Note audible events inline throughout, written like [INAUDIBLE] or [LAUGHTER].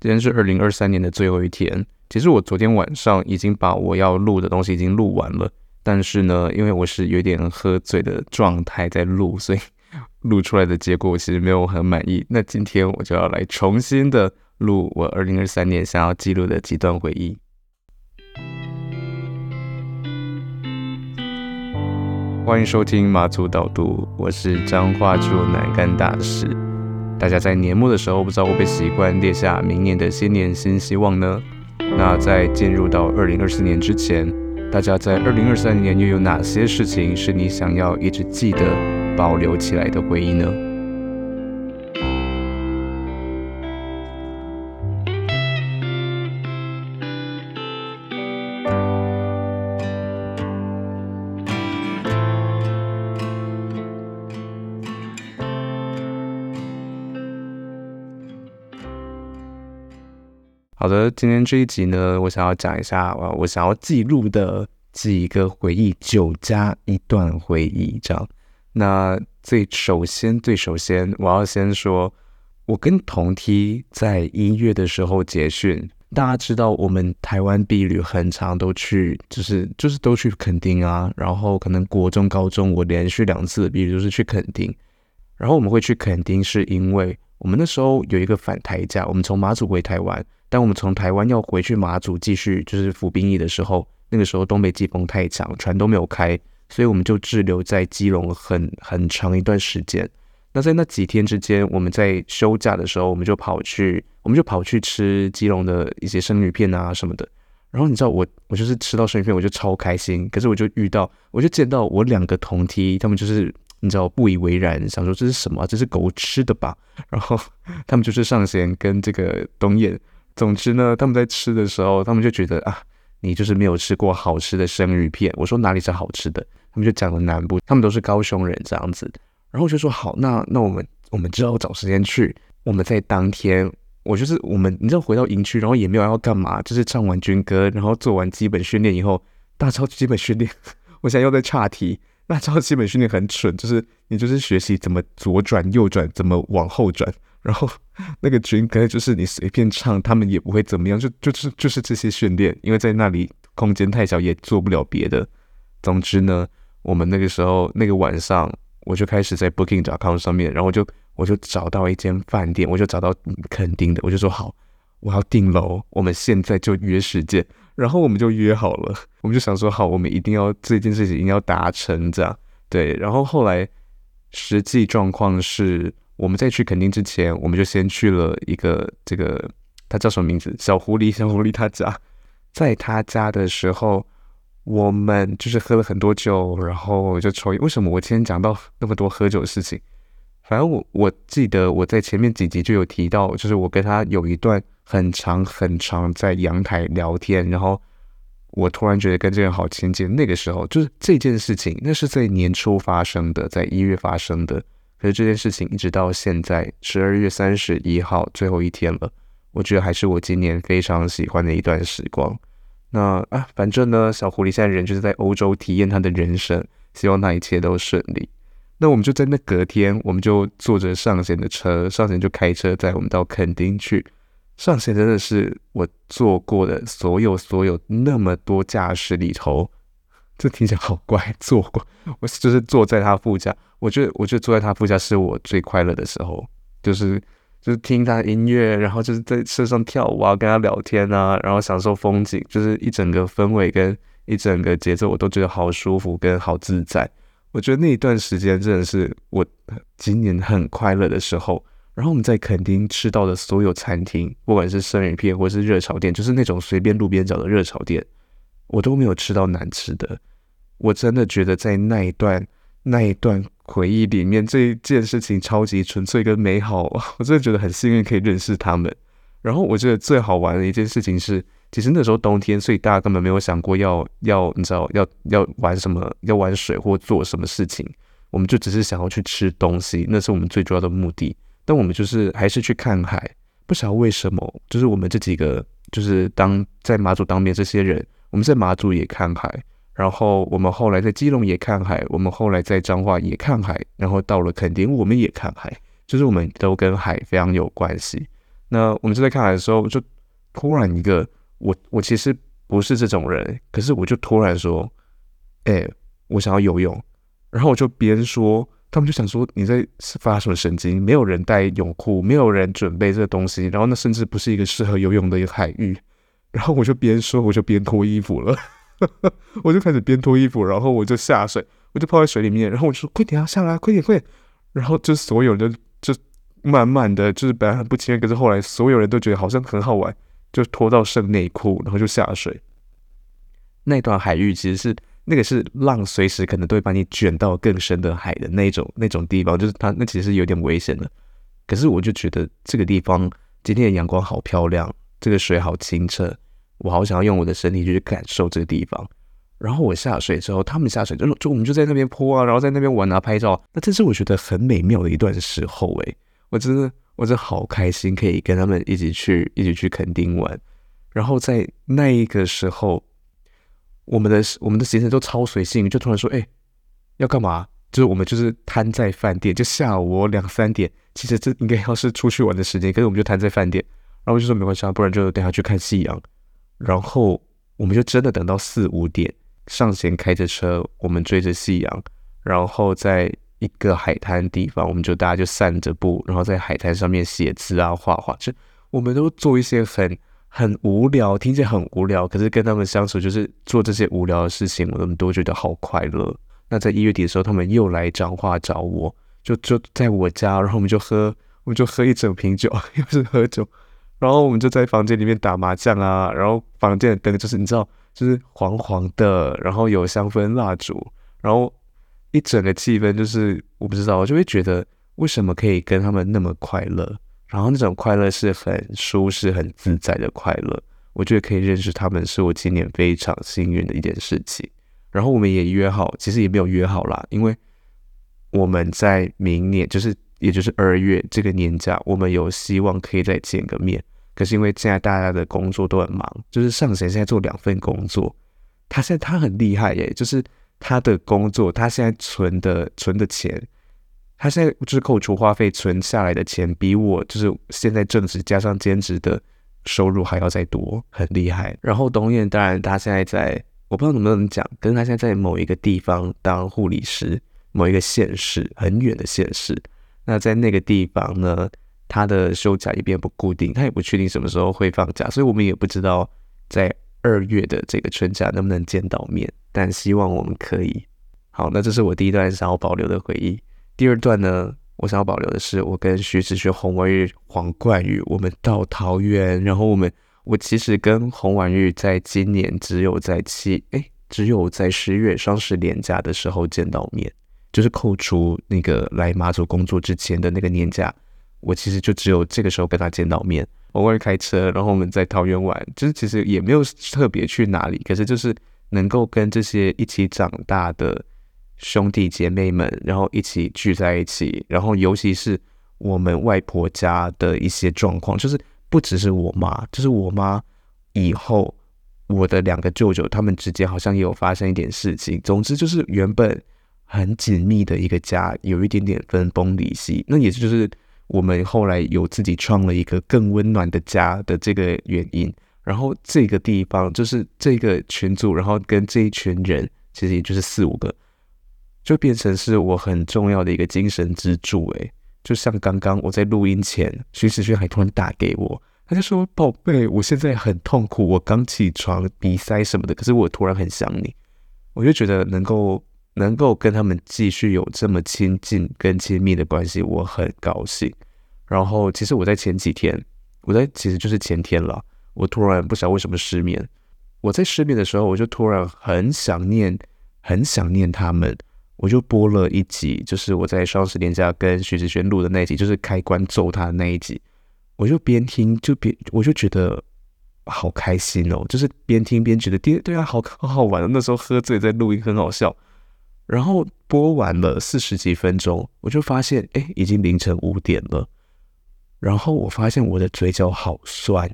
今天是二零二三年的最後一天。其實我昨天晚上已經把我要錄的東西已經錄完了，但是呢，因為我是有點喝醉的狀態在錄，所以錄出來的結果我其實沒有很滿意。那今天我就要來重新的錄我二零二三年想要記錄的幾段回憶。歡迎收聽馬祖導讀，我是張化柱，南竿大師。大家在年末的時候，不知道會不會習慣列下明年的新年新希望呢？那在進入到二零二四年之前，大家在二零二三年又有哪些事情是你想要一直記得、保留起來的回憶呢？好的，今天這一集呢，我想要講一下，我我想要記錄的幾個回憶，九加一段回憶這樣。那最首先，最首先，我要先說，我跟同梯在一月的時候結訓，大家知道，我們台灣畢旅很常都去，就是就是都去墾丁啊。然後可能國中、高中，我連續兩次，畢旅就是去墾丁。然後我們會去墾丁，是因為我們那時候有一個返台假，我們從馬祖回台灣。當我們從台灣要回去馬祖繼續，就是服兵役的時候，那個時候東北季風太強，船都沒有開，所以我們就滯留在基隆很很長一段時間。那在那幾天之間，我們在休假的時候，我們就跑去，我們就跑去吃基隆的一些生魚片啊什麼的。然後你知道我，我就是吃到生魚片，我就超開心。可是我就遇到，我就見到我兩個同梯，他們就是你知道不以為然，想說這是什麼，這是狗吃的吧。然後他們就是上弦跟這個東燕。總之呢，他們在吃的時候，他們就覺得啊，你就是沒有吃過好吃的生魚片。我說哪裡是好吃的？他們就講了南部，他們都是高雄人這樣子的。然後我就說好，那那我們我們就要找時間去。我們在當天，我就是我們，你知道回到營區，然後也沒有要幹嘛，就是唱完軍歌，然後做完基本訓練以後，大招基本訓練。 [LAUGHS] 我現在又在岔題，大招基本訓練很蠢，就是你就是學習怎麼左轉右轉，怎麼往後轉。然後那個軍歌就是你隨便唱，他們也不會怎麼樣。就就，就是就是這些訓練，因為在那裡空間太小，也做不了別的。總之呢，我們那個時候那個晚上，我就開始在 Booking.com 上面，然後我就我就找到一間飯店，我就找到墾丁的，我就說好，我要訂樓，我們現在就約時間，然後我們就約好了。我們就想說好，我們一定要這件事情一定要達成這樣，對。然後後來實際狀況是。我們在去墾丁之前，我們就先去了一個這個他叫什麼名字？小狐狸，小狐狸他家。在他家的時候，我們就是喝了很多酒，然後就抽煙。為什麼我今天講到那麼多喝酒的事情？反正我我記得我在前面幾集就有提到，就是我跟他有一段很長很長在陽台聊天。然後我突然覺得跟這個好親近。那個時候就是這件事情，那是在年初發生的，在一月發生的。可是這件事情一直到現在十二月三十一號，最後一天了，我覺得還是我今年非常喜歡的一段時光。那啊，反正呢，小狐狸現在人就是在歐洲體驗他的人生，希望那一切都順利。那我們就在那隔天，我們就坐着尚賢的車，尚賢就開車載我們到墾丁去。尚賢真的是我坐過的所有所有那麼多駕駛裡頭，這聽起來好乖。坐過，我就是坐在他副駕，我覺得我覺得坐在他副駕是我最快樂的時候，就是就是聽他音樂，然後就是在車上跳舞啊，跟他聊天啊，然後享受風景，就是一整個氛圍跟一整個節奏，我都覺得好舒服跟好自在。我覺得那一段時間真的是我今年很快樂的時候。然後我們在墾丁吃到的所有餐廳，不管是生魚片或是熱炒店，就是那種隨便路邊找的熱炒店，我都沒有吃到難吃的。我真的覺得在那一段那一段回憶裡面，這一件事情超級純粹跟美好。我真的覺得很幸運可以認識他們。然後我覺得最好玩的一件事情是，其實那時候冬天，所以大家根本沒有想過要要你知道要要玩什麼，要玩水或做什麼事情。我們就只是想要去吃東西，那是我們最重要的目的。但我們就是還是去看海，不曉得為什麼，就是我們這幾個，就是當在馬祖當面這些人，我們在馬祖也看海。然後我們後來在基隆也看海，我們後來在彰化也看海，然後到了墾丁我們也看海，就是我們都跟海非常有關係。那我們就在看海的時候，就突然一個我，我其實不是這種人，可是我就突然說：“哎、欸，我想要游泳。”然後我就邊說，他們就想說：“你在發什麼神經？沒有人帶泳褲，沒有人準備這個東西。”然後那甚至不是一個適合游泳的一個海域。然後我就邊說，我就邊脫衣服了。 [LAUGHS] 我就開始邊脫衣服，然後我就下水，我就泡在水裡面，然後我就說：“快點啊，下來，快點，快點！”然後就所有人都就，就慢慢的，就是本來很不情願，可是後來所有人都覺得好像很好玩，就脫到剩內褲，然後就下水。那段海域其實是那個是浪，隨時可能都會把你卷到更深的海的那種那種地方，就是它那其實是有點危險的。可是我就覺得這個地方今天的陽光好漂亮，這個水好清澈。我好想要用我的身體去感受這個地方。然後我下水之後，他們下水之後，就就我們就在那邊潑啊，然後在那邊玩啊，拍照。那這是我覺得很美妙的一段時候誒、欸，我真的我真的好開心，可以跟他們一起去一起去墾丁玩。然後在那一個時候，我們的我們的行程都超隨性，就突然說哎、欸、要幹嘛？就是我們就是攤在飯店，就下午兩三點，其實這應該要是出去玩的時間，可是我們就攤在飯店。然後我就說沒關係啊，不然就等下去看夕陽。然後我們就真的等到四五點，尚賢開着車，我們追着夕陽，然後在一個海灘地方，我們就大家就散着步，然後在海灘上面寫字啊、畫畫，就我們都做一些很很無聊，聽起來很無聊，可是跟他們相處就是做這些無聊的事情，我們都覺得好快樂。那在一月底的時候，他們又來彰化找我，就就在我家，然後我們就喝，我們就喝一整瓶酒，又是喝酒。然後我們就在房間裡面打麻將啊，然後房間的燈就是你知道，就是黃黃的，然後有香氛蠟燭，然後一整個氣氛就是我不知道，我就會覺得為什麼可以跟他們那麼快樂，然後那種快樂是很舒適、很自在的快樂。嗯、我覺得可以認識他們是我今年非常幸運的一件事情。然後我們也約好，其實也沒有約好啦，因為我們在明年就是。也就是二月這個年假，我們有希望可以再見個面。可是因為現在大家的工作都很忙，就是上賢現在做兩份工作，他現在他很厲害耶，就是他的工作，他現在存的存的錢，他現在就是扣除花費存下來的錢，比我就是現在正職加上兼職的收入還要再多，很厲害。然後東燕當然他現在在，我不知道能不能講，可是他現在在某一個地方當護理師，某一個縣市，很遠的縣市。那在那個地方呢？他的休假也並不固定，他也不確定什麼時候會放假，所以我們也不知道在二月的這個春假能不能見到面。但希望我們可以。好，那這是我第一段想要保留的回憶。第二段呢，我想要保留的是我跟徐志學、洪宛玉、黃冠宇，我們到桃園。然後我們，我其實跟洪宛玉在今年只有在七，哎，只有在十月雙十連假的時候見到面。就是扣除那個來馬祖工作之前的那個年假，我其實就只有這個時候跟他見到面。我偶爾開車，然後我們在桃園玩，就是其實也沒有特別去哪裡，可是就是能夠跟這些一起長大的兄弟姐妹們，然後一起聚在一起，然後尤其是我們外婆家的一些狀況，就是不只是我媽，就是我媽以後我的兩個舅舅他們之間好像也有發生一點事情。總之就是原本。很緊密的一個家，有一點點分崩離析，那也就是我們後來有自己創了一個更溫暖的家的這個原因。然後這個地方，就是這個群組，然後跟這一群人，其實也就是四五個，就變成是我很重要的一個精神支柱欸。哎，就像剛剛我在錄音前，徐世軒還突然打給我，他就說：“寶貝，我現在很痛苦，我剛起床，鼻塞什麼的，可是我突然很想你。”我就覺得能夠。能夠跟他們繼續有這麼親近跟親密的關係，我很高興。然後，其實我在前幾天，我在其實就是前天了，我突然不知道為什麼失眠。我在失眠的時候，我就突然很想念，很想念他們。我就播了一集，就是我在雙十連假跟徐子軒錄的那集，就是開關揍他的那一集。我就邊聽，就邊我就覺得好開心哦，就是邊聽邊覺得對，對啊，好好好玩。那時候喝醉在錄音很好笑。然後播完了四十幾分鐘，我就發現，哎、欸，已經凌晨五點了。然後我發現我的嘴角好酸，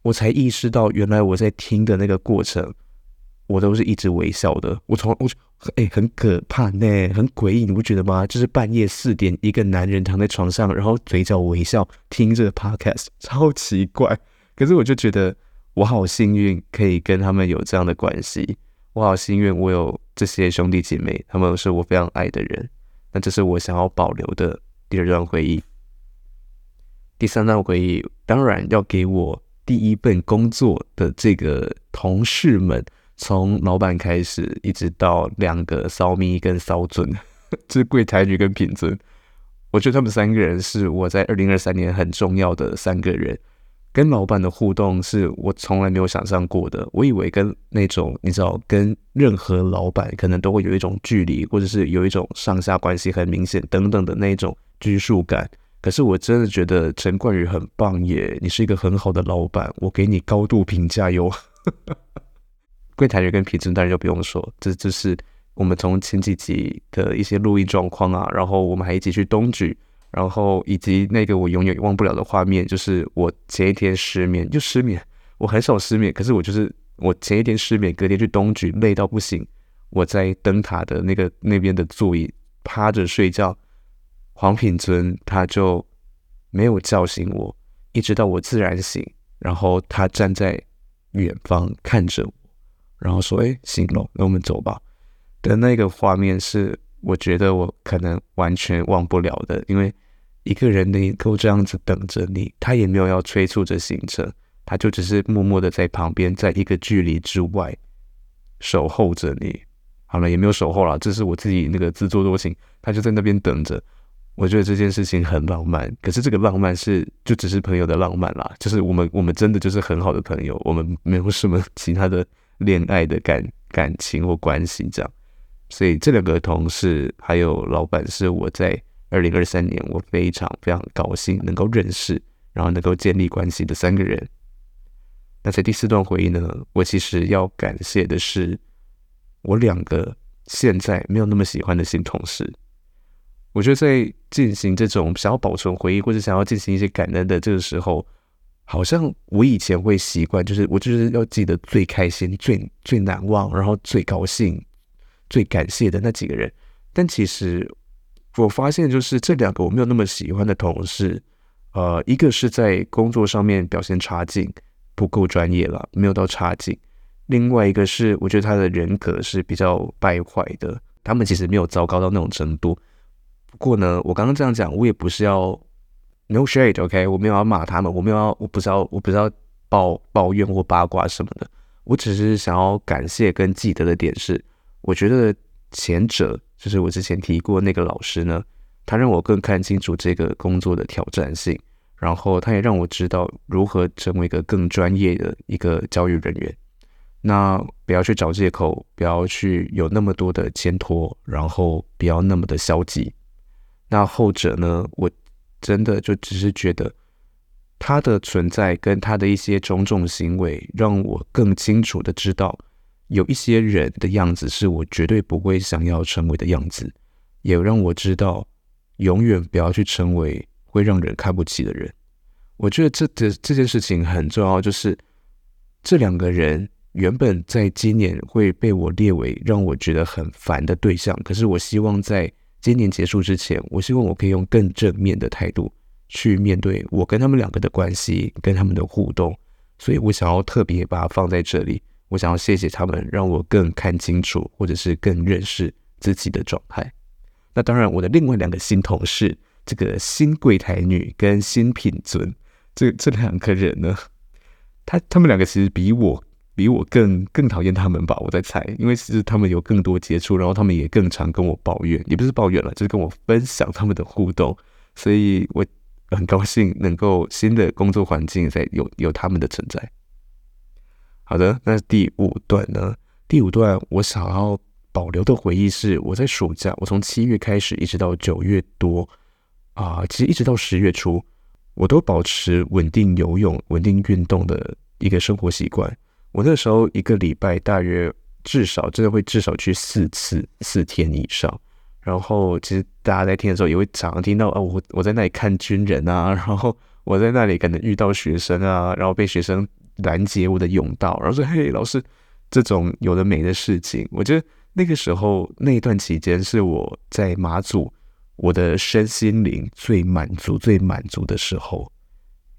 我才意識到，原來我在聽的那個過程，我都是一直微笑的。我從我就，哎、欸，很可怕呢，很詭異，你不覺得嗎？就是半夜四點，一個男人躺在床上，然後嘴角微笑聽着 Podcast，超奇怪。可是我就覺得我好幸運，可以跟他們有這樣的關係。我好幸運，我有。這些兄弟姐妹，他們是我非常愛的人。那這是我想要保留的第二段回憶。第三段回憶，當然要給我第一份工作的這個同事們，從老闆開始，一直到兩個騷咪跟騷尊，這是櫃檯女跟品尊。我覺得他們三個人是我在二零二三年很重要的三個人。跟老闆的互動是我從來沒有想象過的。我以為跟那種你知道，跟任何老闆可能都會有一種距離，或者是有一種上下關係很明顯等等的那種拘束感。可是我真的覺得陳冠宇很棒耶，你是一個很好的老闆，我給你高度評價喲。 [LAUGHS] 櫃台員跟皮村當然就不用說，這就是我們從前幾集的一些錄音狀況啊，然後我們還一起去東局。然後以及那個我永遠忘不了的畫面，就是我前一天失眠，就失眠。我很少失眠，可是我就是我前一天失眠，隔天去東莒累到不行，我在燈塔的那個那邊的座椅趴着睡覺，黃品尊他就沒有叫醒我，一直到我自然醒，然後他站在遠方看着我，然後說：“哎，行了，那我們走吧。”的那個畫面是我覺得我可能完全忘不了的，因為。一個人能夠這樣子等着你，他也沒有要催促着行程，他就只是默默的在旁邊，在一個距離之外守候着你。好了，也沒有守候啦，這是我自己那個自作多情。他就在那邊等着，我覺得這件事情很浪漫。可是這個浪漫是就只是朋友的浪漫啦，就是我們我們真的就是很好的朋友，我們沒有什麼其他的戀愛的感感情或關係這樣。所以這兩個同事還有老板是我在。二零二三年，我非常非常高興能夠認識，然後能夠建立關係的三個人。那在第四段回憶呢，我其實要感謝的是我兩個現在沒有那麼喜歡的新同事。我覺得在進行這種想要保存回憶或者想要進行一些感恩的這個時候，好像我以前會習慣，就是我就是要記得最開心、最最難忘、然後最高興、最感謝的那幾個人。但其實。我發現就是這兩個我沒有那麼喜歡的同事，呃，一個是在工作上面表現差勁，不夠專業啦，沒有到差勁。另外一個是我覺得他的人格是比較敗壞的。他們其實沒有糟糕到那種程度。不過呢，我剛剛這樣講，我也不是要 no shade，OK，okay？我沒有要罵他們，我沒有要，我不是要，我不是要抱抱怨或八卦什麼的。我只是想要感謝跟記得的點是，我覺得前者。就是我之前提過那個老師呢，他讓我更看清楚這個工作的挑戰性，然後他也讓我知道如何成為一個更專業的一個教育人員。那不要去找借口，不要去有那麼多的牽拖，然後不要那麼的消極。那後者呢，我真的就只是覺得他的存在跟他的一些種種行為，讓我更清楚的知道。有一些人的樣子是我絕對不會想要成為的樣子，也讓我知道永遠不要去成為會讓人看不起的人。我覺得這這這件事情很重要，就是這兩個人原本在今年會被我列為讓我覺得很煩的對象，可是我希望在今年結束之前，我希望我可以用更正面的態度去面對我跟他們兩個的關係，跟他們的互動，所以我想要特別把它放在這裡。我想要謝謝他們，讓我更看清楚，或者是更認識自己的狀態。那當然，我的另外兩個新同事，這個新櫃台女跟新品尊，這這兩個人呢，他他們兩個其實比我比我更更討厭他們吧，我在猜，因為其實他們有更多接觸，然後他們也更常跟我抱怨，也不是抱怨了，就是跟我分享他們的互動。所以我很高興能夠新的工作環境在有有他們的存在。好的，那第五段呢？第五段我想要保留的回憶是，我在暑假，我從七月開始一直到九月多啊，其實一直到十月初，我都保持穩定游泳、穩定運動的一個生活習慣。我那時候一個禮拜大約至少真的會至少去四次、四天以上。然後其實大家在聽的時候也會常常聽到啊，我我在那裡看軍人啊，然後我在那裡可能遇到學生啊，然後被學生。攔截我的甬道，然後說：“嘿，老師，這種有的沒的事情，我覺得那個時候那一段期間是我在馬祖我的身心靈最滿足、最滿足的時候，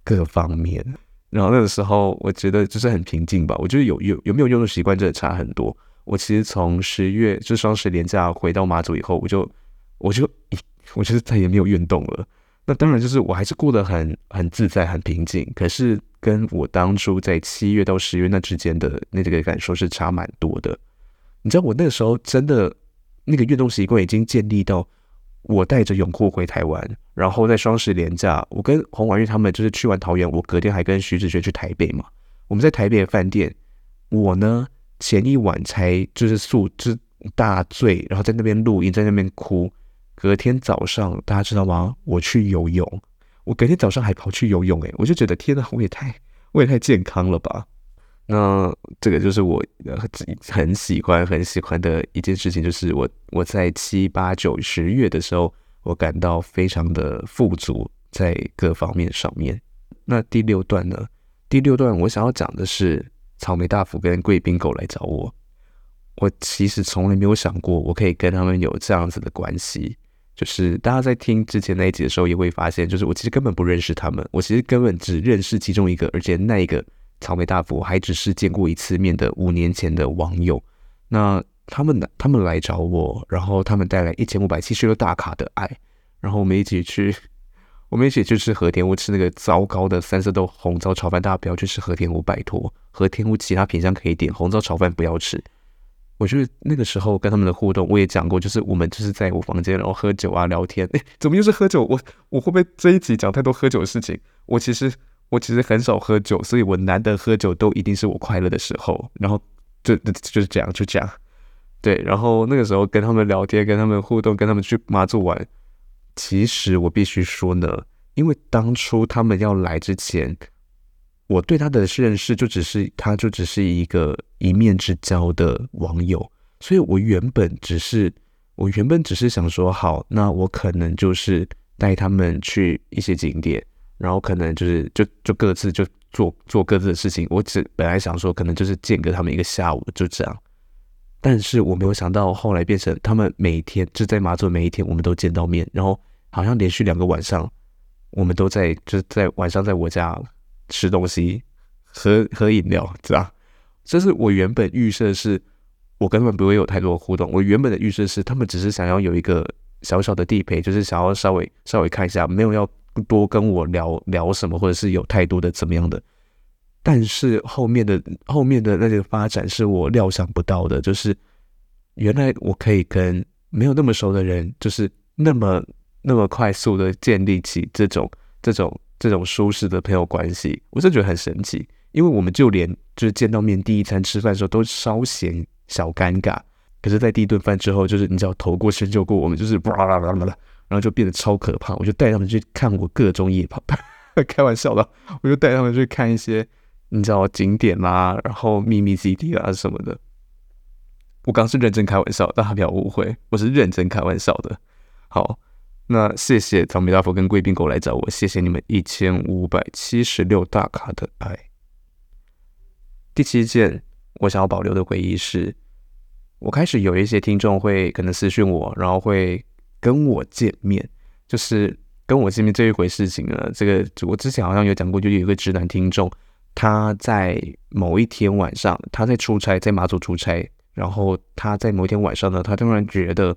各方面。然後那個時候，我覺得就是很平靜吧。我覺得有有有沒有運動習慣真的差很多。我其實從十月就雙十連假回到馬祖以後，我就我就我就再也沒有運動了。”那當然，就是我還是過得很很自在、很平靜。可是跟我當初在七月到十月那之間的那個感受是差蠻多的。你知道，我那時候真的那個運動習慣已經建立到，我帶着泳褲回台灣，然後在雙十連假，我跟黃婉玉他們就是去完桃園，我隔天還跟徐子杰去台北嘛。我們在台北的飯店，我呢前一晚才就是宿之、就是、大醉，然後在那邊錄音，在那邊哭。隔天早上，大家知道嗎？我去游泳，我隔天早上還跑去游泳，哎，我就覺得天哪，我也太，我也太健康了吧？那這個就是我呃很很喜歡很喜歡的一件事情，就是我我在七八九十月的時候，我感到非常的富足，在各方面上面。那第六段呢？第六段我想要講的是草莓大福跟貴賓狗來找我，我其實從來沒有想過我可以跟他們有這樣子的關係。就是大家在聽之前那一集的時候，也會發現，就是我其實根本不認識他們，我其實根本只認識其中一個，而且那一個草莓大福還只是見過一次面的五年前的網友。那他們他們來找我，然後他們帶來一千五百七十六大卡的愛，然後我們一起去，我們一起去吃和田屋吃那個糟糕的三色豆紅糟炒、炒飯，大家不要去吃和田屋，拜託，和田屋其他品相可以點，紅糟炒飯不要吃。我就是那個時候跟他們的互動，我也講過，就是我們就是在我房間，然後喝酒啊，聊天。誒，怎麼又是喝酒？我我會不會這一集講太多喝酒的事情？我其實我其實很少喝酒，所以我難得喝酒都一定是我快樂的時候。然後就就是這樣，就這樣。對，然後那個時候跟他們聊天，跟他們互動，跟他們去馬祖玩。其實我必須說呢，因為當初他們要來之前。我對他的認識就只是，他就只是一個一面之交的網友，所以我原本只是，我原本只是想說，好，那我可能就是帶他們去一些景點，然後可能就是就就各自就做做各自的事情。我只本來想說，可能就是見個他們一個下午就這樣，但是我沒有想到後來變成他們每一天就在馬祖，每一天我們都見到面，然後好像連續兩個晚上，我們都在就在晚上在我家。吃東西、喝喝飲料，這樣。這是我原本預設是，我根本不會有太多互動。我原本的預設是，他們只是想要有一個小小的地陪，就是想要稍微稍微看一下，沒有要多跟我聊聊什麼，或者是有太多的怎麼樣的。但是後面的後面的那些發展是我料想不到的，就是原來我可以跟沒有那麼熟的人，就是那麼那麼快速的建立起這種這種。這種舒適的朋友關係，我真的覺得很神奇。因為我們就連就是見到面第一餐吃飯的時候都稍顯小尷尬，可是，在第一頓飯之後，就是你知道，頭過身就過，我們就是啦啦啦啦，然後就變得超可怕。我就帶他們去看我各種夜跑， [LAUGHS] 開玩笑的，我就帶他們去看一些你知道景點啦、啊，然後秘密基地啦什麼的。我剛是認真開玩笑，大家不要誤會，我是認真開玩笑的。好。那謝謝草莓大福跟貴賓狗來找我，謝謝你們一千五百七十六大卡的愛。第七件我想要保留的回憶是，我開始有一些聽眾會可能私訊我，然後會跟我見面，就是跟我見面這一回事情呢。這個我之前好像有講過，就有一個直男聽眾，他在某一天晚上，他在出差，在馬祖出差，然後他在某一天晚上呢，他突然覺得。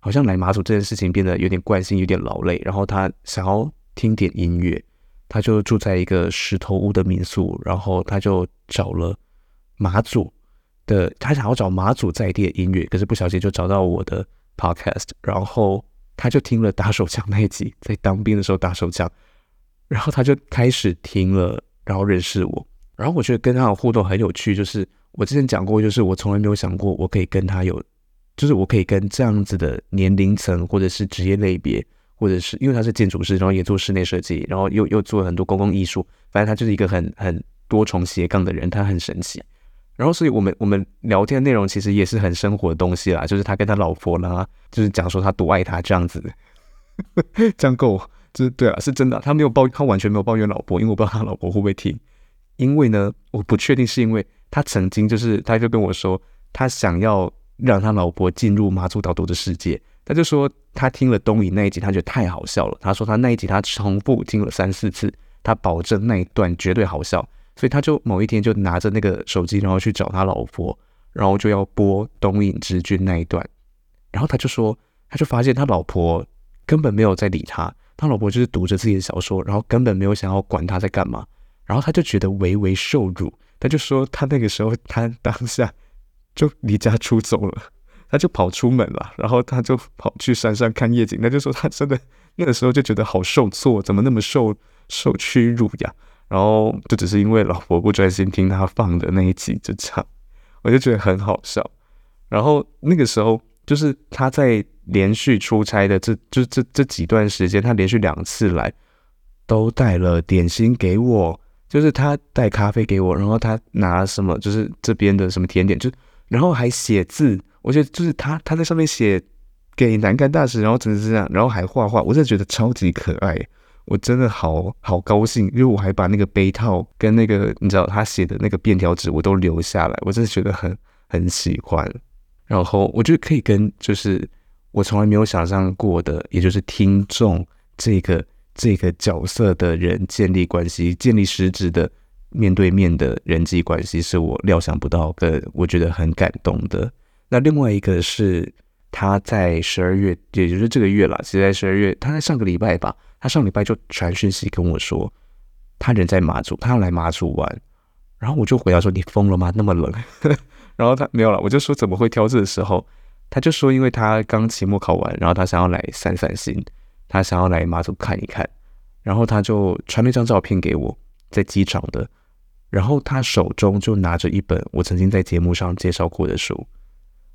好像來馬祖這件事情變得有點慣性，有點勞累。然後他想要聽點音樂，他就住在一個石頭屋的民宿。然後他就找了馬祖的，他想要找馬祖在地的音樂，可是不小心就找到我的 podcast。然後他就聽了打手槍那一集，在當兵的時候打手槍。然後他就開始聽了，然後認識我。然後我覺得跟他的互動很有趣，就是我之前講過，就是我從來沒有想過我可以跟他有。就是我可以跟這樣子的年齡層，或者是職業類別，或者是因為他是建築師，然後也做室內設計，然後又又做了很多公共藝術。反正他就是一個很很多重斜槓的人，他很神奇。然後，所以我們我們聊天內容其實也是很生活的東西啦，就是他跟他老婆啦，就是講說他多愛他這樣子的， [LAUGHS] 這樣夠，就是對啊，是真的。他沒有抱，他完全沒有抱怨老婆，因為我不知道他老婆會不會聽。因為呢，我不確定是因為他曾經就是他就跟我說他想要。讓他老婆進入馬祖導讀的世界，他就說他聽了東影那一集，他覺得太好笑了。他說他那一集他重複聽了三四次，他保證那一段絕對好笑。所以他就某一天就拿着那個手機，然後去找他老婆，然後就要播東影之君那一段。然後他就說，他就發現他老婆根本沒有在理他，他老婆就是讀着自己的小說，然後根本沒有想要管他在幹嘛。然後他就覺得微微受辱，他就說他那個時候，他當下。就離家出走了，他就跑出門了，然後他就跑去山上看夜景。他就說他真的那個時候就覺得好受挫，怎麼那麼受受屈辱呀！然後就只是因為老婆不專心聽他放的那一集，就這樣，我就覺得很好笑。然後那個時候就是他在連續出差的這，就這這幾段時間，他連續兩次來都帶了點心給我，就是他帶咖啡給我，然後他拿了什麼，就是這邊的什麼甜點就。然後還寫字，我覺得就是他他在上面寫給南竿大使，然後真的是這樣，然後還畫畫，我真的覺得超級可愛，我真的好好高興，因為我還把那個杯套跟那個你知道他寫的那個便條紙我都留下來，我真的覺得很很喜歡。然後我就可以跟就是我從來沒有想象過的，也就是聽眾這個這個角色的人建立關係，建立實質的。面對面的人際關係是我料想不到的，我覺得很感動的。那另外一個是他在十二月，也就是這個月啦，其實在十二月，他在上個禮拜吧，他上禮拜就傳訊息跟我說，他人在馬祖，他要來馬祖玩，然後我就回答說你瘋了嗎？那麼冷， [LAUGHS] 然後他沒有啦，我就說怎麼會挑這個時候，他就說因為他剛期末考完，然後他想要來散散心，他想要來馬祖看一看，然後他就傳了一張照片給我，在機場的。然後他手中就拿着一本我曾經在節目上介紹過的書，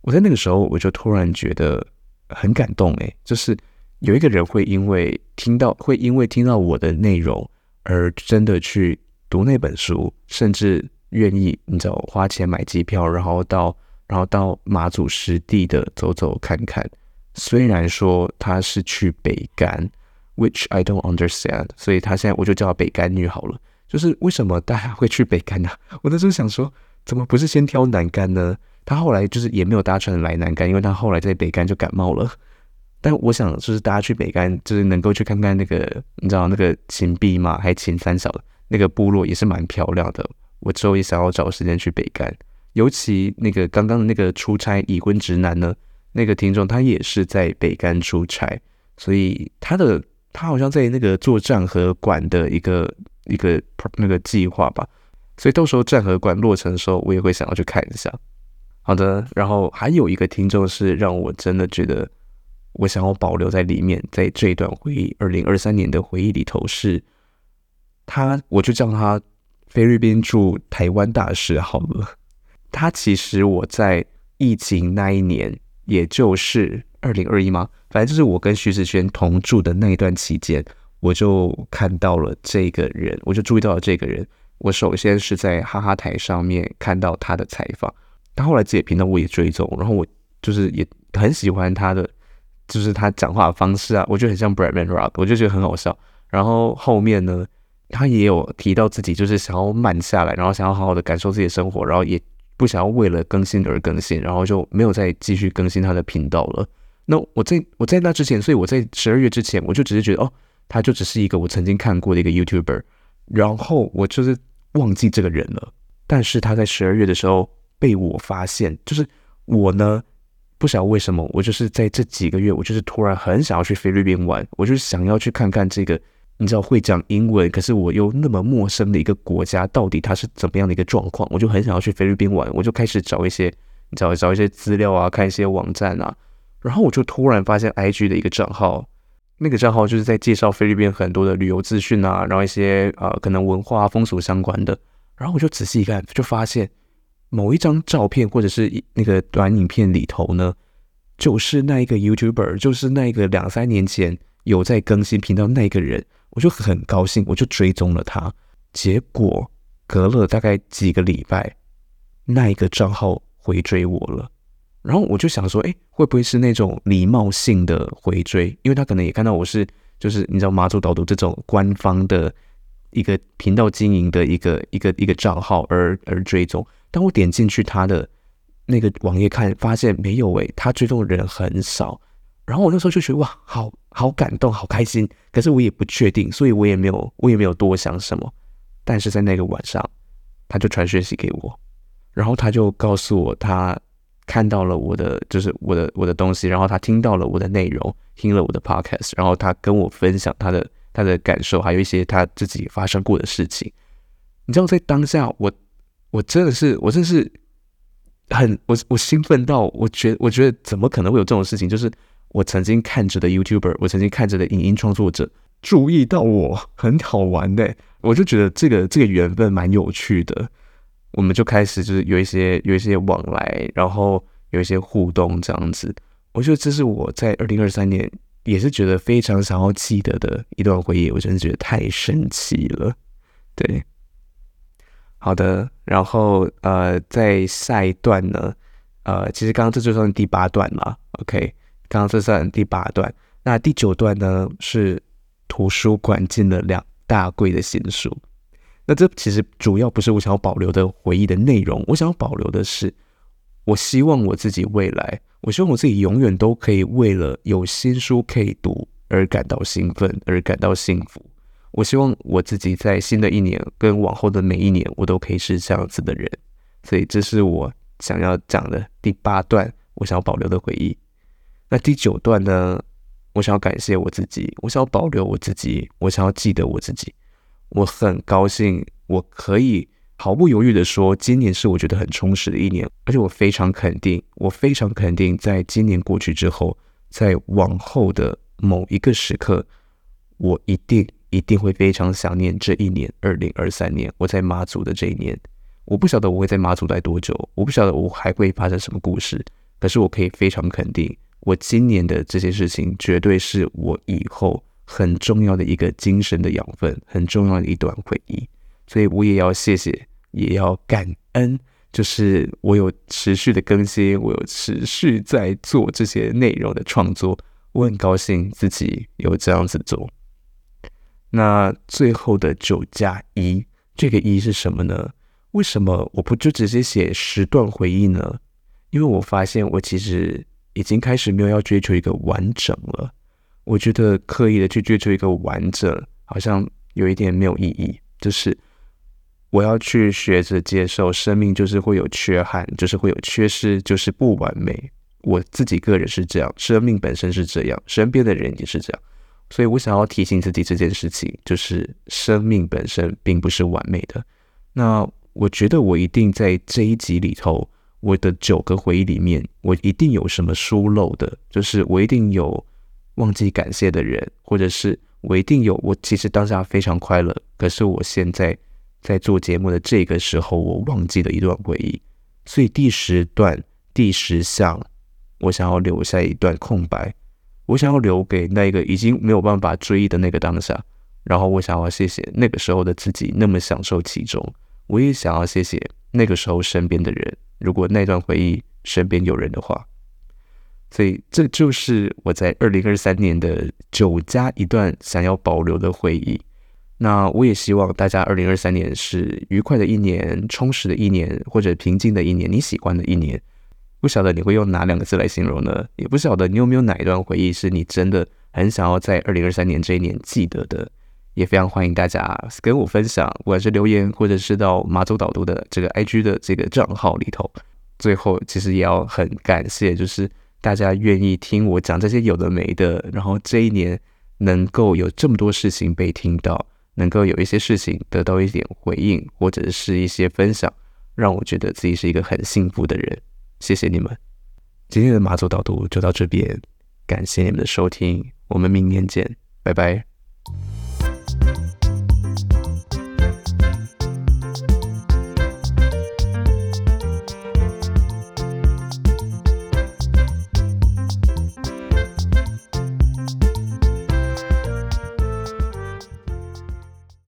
我在那個時候我就突然覺得很感動誒、哎，就是有一個人會因為聽到會因為聽到我的內容而真的去讀那本書，甚至願意你知道花錢買機票，然後到然後到馬祖實地的走走看看。雖然說他是去北竿，which I don't understand，所以他現在我就叫他北竿女好了。就是為什麼大家會去北竿呢、啊？我那時候想說，怎麼不是先挑南竿呢？他後來就是也沒有搭船來南竿，因為他後來在北竿就感冒了。但我想，就是大家去北竿，就是能夠去看看那個，你知道那個芹壁嘛，還秦三嫂的那個部落，也是蠻漂亮的。我之後也想要找時間去北竿，尤其那個剛剛的那個出差已婚直男呢，那個聽眾他也是在北竿出差，所以他的他好像在那個坐站和館的一個。一個那個計劃吧，所以到時候戰和館落成的時候，我也會想要去看一下。好的，然後還有一個聽眾是讓我真的覺得我想要保留在裡面，在這一段回憶，二零二三年的回憶裡頭是他，我就叫他菲律賓駐台灣大使，好了。他其實我在疫情那一年，也就是二零二一嗎？反正就是我跟徐子軒同住的那一段期間。我就看到了這個人，我就注意到了這個人。我首先是在哈哈台上面看到他的採訪，他後來自己的頻道我也追蹤，然後我就是也很喜歡他的，就是他講話的方式啊，我就很像 Bradman Rock，我就覺得很好笑。然後後面呢，他也有提到自己就是想要慢下來，然後想要好好的感受自己的生活，然後也不想要為了更新而更新，然後就沒有再繼續更新他的頻道了。那我在我在那之前，所以我在十二月之前，我就直接覺得哦。他就只是一個我曾經看過的一個 YouTuber，然後我就是忘記這個人了。但是他在十二月的時候被我發現，就是我呢不曉得為什麼，我就是在這幾個月，我就是突然很想要去菲律賓玩，我就是想要去看看這個你知道會講英文，可是我又那麼陌生的一個國家，到底它是怎麼樣的一個狀況？我就很想要去菲律賓玩，我就開始找一些，找找一些資料啊，看一些網站啊，然後我就突然發現 IG 的一個賬號。那個賬號就是在介紹菲律賓很多的旅遊資訊啊，然後一些呃可能文化、啊、風俗相關的。然後我就仔細一看，就發現某一張照片或者是那個短影片裡頭呢，就是那一個 YouTuber，就是那一個兩三年前有在更新頻道那個人，我就很高興，我就追蹤了他。結果隔了大概幾個禮拜，那一個賬號回追我了。然後我就想說，哎、欸，會不會是那種禮貌性的回追？因為他可能也看到我是，就是你知道馬祖導讀這種官方的一個頻道經營的一個一個一個賬號而而追蹤。當我點進去他的那個網頁看，發現沒有、欸，誒，他追蹤的人很少。然後我那時候就覺得哇，好好感動，好開心。可是我也不確定，所以我也沒有我也沒有多想什麼。但是在那個晚上，他就傳訊息給我，然後他就告訴我他。看到了我的，就是我的我的東西，然後他聽到了我的內容，聽了我的 podcast，然後他跟我分享他的他的感受，還有一些他自己發生過的事情。你知道，在當下我，我我真的是我真是很我我興奮到，我覺我覺得怎麼可能會有這種事情？就是我曾經看着的 YouTuber，我曾經看着的影音創作者注意到我，很好玩的、欸，我就覺得這個這個緣分蠻有趣的。我們就開始就是有一些有一些往來，然後有一些互動這樣子。我覺得這是我在二零二三年也是覺得非常想要記得的一段回憶。我真的覺得太神奇了，對。好的，然後呃，在下一段呢，呃，其實剛剛這就算第八段啦。OK，剛剛這算第八段。那第九段呢是圖書館進了兩大櫃的新書。那這其實主要不是我想要保留的回憶的內容。我想要保留的是，我希望我自己未來，我希望我自己永遠都可以為了有新書可以讀而感到興奮，而感到幸福。我希望我自己在新的一年跟往後的每一年，我都可以是這樣子的人。所以這是我想要講的第八段，我想要保留的回憶。那第九段呢？我想要感謝我自己，我想要保留我自己，我想要記得我自己。我很高興，我可以毫不猶豫地說，今年是我覺得很充實的一年。而且我非常肯定，我非常肯定，在今年過去之後，在往後的某一個時刻，我一定一定會非常想念這一年，2023年我在馬祖的這一年。我不曉得我會在馬祖待多久，我不曉得我還會發生什麼故事。可是我可以非常肯定，我今年的這些事情，絕對是我以後，很重要的一個精神的養分，很重要的一段回憶，所以我也要謝謝，也要感恩，就是我有持續的更新，我有持續在做這些內容的創作，我很高興自己有這樣子做。那最後的九加一，1，這個一是什麼呢？為什麼我不就直接寫十段回憶呢？因為我發現我其實已經開始沒有要追求一個完整了。我覺得刻意的去追求一個完整，好像有一點沒有意義。就是我要去學着接受，生命就是會有缺憾，就是會有缺失，就是不完美。我自己個人是這樣，生命本身是這樣，身邊的人也是這樣。所以我想要提醒自己這件事情，就是生命本身並不是完美的。那我覺得我一定在這一集裡頭，我的九個回憶裡面，我一定有什麼疏漏的，就是我一定有。忘記感謝的人，或者是我一定有。我其實當下非常快樂，可是我現在在做節目的這個時候，我忘記了一段回憶。所以第十段、第十項，我想要留下一段空白，我想要留給那個已經沒有辦法追憶的那個當下。然後我想要謝謝那個時候的自己，那麼享受其中。我也想要謝謝那個時候身邊的人，如果那段回憶身邊有人的話。所以這就是我在二零二三年的九加一段想要保留的回憶。那我也希望大家二零二三年是愉快的一年、充實的一年或者平靜的一年、你喜歡的一年。不曉得你會用哪兩個字來形容呢？也不曉得你有沒有哪一段回憶是你真的很想要在二零二三年這一年記得的。也非常歡迎大家跟我分享，不管是留言或者是到馬祖導讀的這個 I G 的這個賬號裡頭。最後，其實也要很感謝，就是。大家願意聽我講這些有的沒的，然後這一年能夠有這麼多事情被聽到，能夠有一些事情得到一點回應或者是一些分享，讓我覺得自己是一個很幸福的人。謝謝你們。今天的馬祖導讀就到這邊，感謝你們的收聽，我們明年見，拜拜。